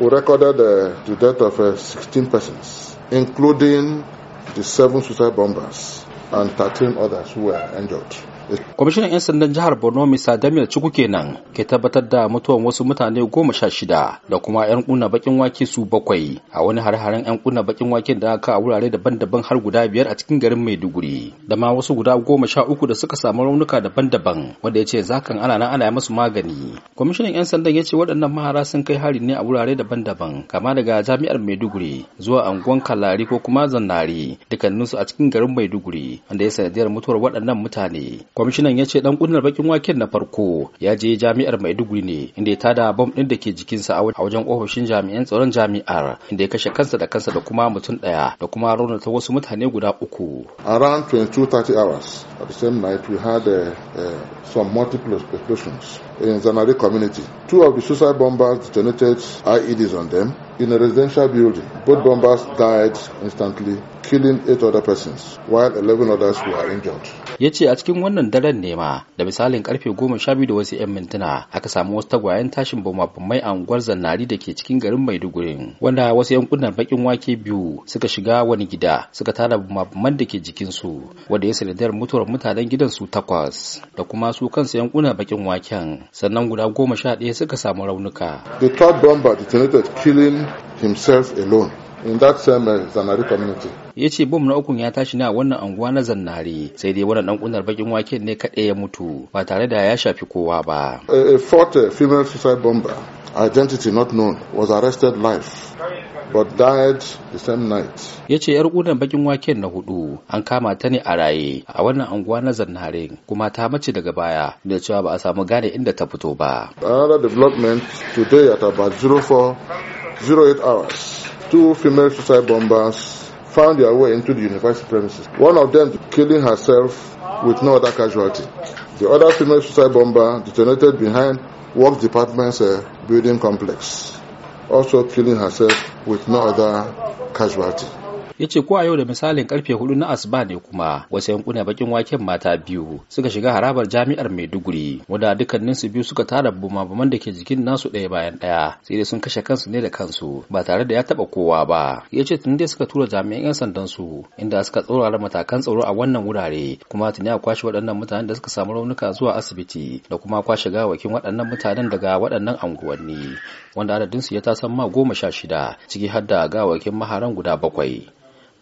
we recorded uh, the death of uh, 16 persons, including the seven suicide bombers and 13 others who were injured. kwamishinan 'yan sandan jihar borno mr damiel chuku kenan ke tabbatar da mutuwan wasu mutane goma sha shida da kuma 'yan kuna bakin wake su bakwai a wani hare-haren 'yan kuna bakin wake da aka a wurare daban-daban har guda biyar a cikin garin maiduguri da ma wasu guda goma sha uku da suka samu raunuka daban-daban wanda ya ce zakan ana nan ana masu magani kwamishinan 'yan sandan ya ce waɗannan mahara sun kai hari ne a wurare daban-daban kama daga jami'ar maiduguri zuwa anguwan kalari ko kuma zannari dukkaninsu a cikin garin maiduguri wanda ya sanadiyar mutuwar waɗannan mutane kwamishinan ya ce dan kunnar bakin waken na farko ya je jami'ar maiduguri ne inda ya tada bom din da ke jikin sa a wajen ofishin jami'an tsaron jami'ar inda ya kashe kansa da kansa da kuma mutum daya da kuma raunata wasu mutane guda uku around 22:30 hours at the same night we had a, uh, uh, some multiple explosions in zanari community two of the suicide bombers detonated IEDs on them in a residential building. Both bombers died instantly, killing eight other persons, while 11 others were injured. Ya ce a cikin wannan daren ne ma da misalin karfe goma sha biyu da wasu 'yan mintuna aka samu wasu tagwayen tashin bamabamai a unguwar zannari da ke cikin garin Maiduguri wanda wasu 'yan kunnan bakin wake biyu suka shiga wani gida suka tara bamabaman da ke jikinsu wanda ya sanadiyar mutuwar mutanen gidan su takwas da kuma su kansu 'yan kunnan bakin waken sannan guda goma sha ɗaya suka samu raunuka. The third bomber detonated killing himself alone. in that same eh, zanari community ya ce bom na ukun ya tashi ne a wannan anguwa na zannare sai dai wannan dan kunar bakin waken ne kaɗai ya mutu ba tare da ya shafi kowa ba a, fourth eh, female suicide bomber identity not known was arrested live but died the same night. Ya ce ‘yar ƙunan bakin waken na hudu an kama ta ne a raye a wannan anguwa na Zannare kuma ta mace daga baya da cewa ba a samu gane inda ta fito ba. Another development today at about 04, 08 hours. two female suicide bombers found their way into the university premises. One of them killing herself with no other casualty. The other female suicide bomber detonated behind work department's uh, building complex, also killing herself with no other casualty. ya ce ko a yau da misalin karfe hudu na asuba ne kuma wasu yankuna bakin waken mata biyu suka shiga harabar jami'ar maiduguri wanda dukkanin su biyu suka tara bumabuman da ke jikin nasu ɗaya bayan ɗaya sai dai sun kashe kansu ne da kansu ba tare da ya taba kowa ba ya ce tun dai suka tura jami'an 'yan sandan su inda suka tsorara matakan tsaro a wannan wurare kuma tuni a kwashe waɗannan mutanen da suka samu raunuka zuwa asibiti da kuma kwashe gawakin waɗannan mutanen daga waɗannan anguwanni wanda adadinsu ya tasan ma goma sha shida ciki har da gawakin maharan guda bakwai